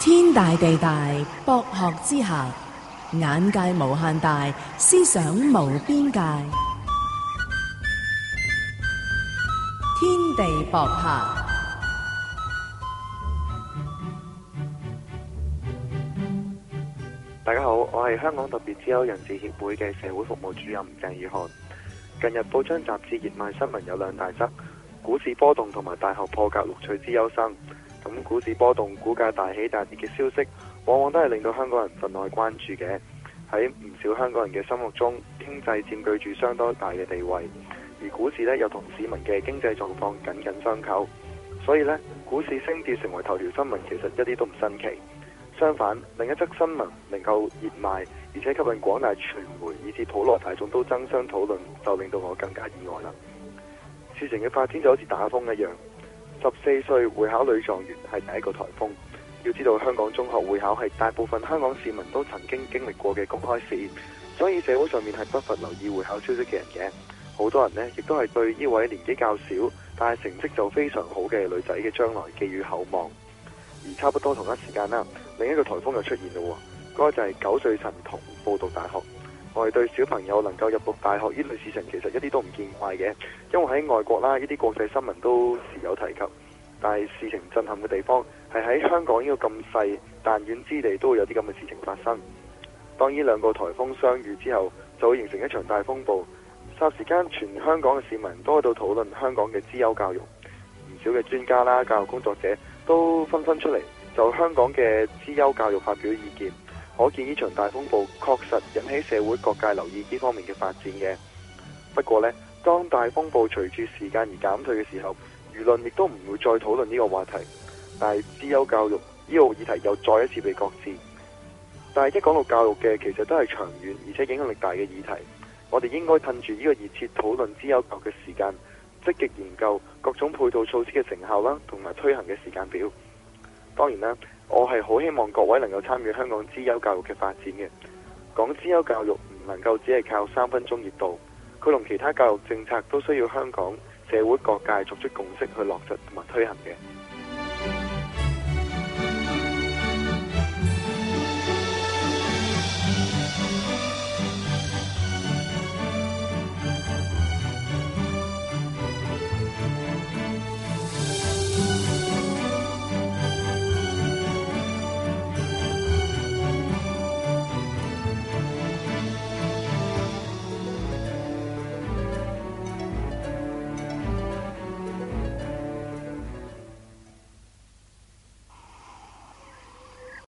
天大地大，博學之下，眼界無限大，思想無邊界。天地博客，大家好，我係香港特別資優人士協會嘅社會服務主任鄭宇瀚。近日報章雜誌熱賣新聞有兩大則：股市波動同埋大學破格錄取資優生。咁股市波動、股價大起大跌嘅消息，往往都係令到香港人分外關注嘅。喺唔少香港人嘅心目中，經濟佔據住相當大嘅地位，而股市咧又同市民嘅經濟狀況緊緊相扣，所以咧股市升跌成為頭條新聞，其實一啲都唔新奇。相反，另一則新聞能夠熱賣，而且吸引廣大傳媒以至普羅大眾都爭相討論，就令到我更加意外啦。事情嘅發展就好似打風一樣。十四歲會考女狀元係第一個台風，要知道香港中學會考係大部分香港市民都曾經經歷過嘅公開試驗，所以社會上面係不乏留意會考消息嘅人嘅。好多人呢，亦都係對呢位年紀較小但係成績就非常好嘅女仔嘅將來寄予厚望。而差不多同一時間啦，另一個台風又出現啦，嗰個就係九歲神童報讀大學。我哋對小朋友能夠入讀大學呢類事情，其實一啲都唔見怪嘅，因為喺外國啦、啊，呢啲國際新聞都時有提及。但係事情震撼嘅地方，係喺香港呢個咁細彈丸之地，都會有啲咁嘅事情發生。當呢兩個颱風相遇之後，就會形成一場大風暴。霎時間，全香港嘅市民都喺度討論香港嘅資優教育，唔少嘅專家啦、教育工作者都紛紛出嚟就香港嘅資優教育發表意見。可見呢場大風暴確實引起社會各界留意呢方面嘅發展嘅。不過呢，當大風暴隨住時間而減退嘅時候，輿論亦都唔會再討論呢個話題。但係資優教育呢個議題又再一次被擱置。但係一講到教育嘅，其實都係長遠而且影響力大嘅議題。我哋應該趁住呢個熱切討論資優教育嘅時間，積極研究各種配套措施嘅成效啦，同埋推行嘅時間表。當然啦，我係好希望各位能夠參與香港資優教育嘅發展嘅。講資優教育唔能夠只係靠三分鐘熱度，佢同其他教育政策都需要香港社會各界作出共識，去落實同埋推行嘅。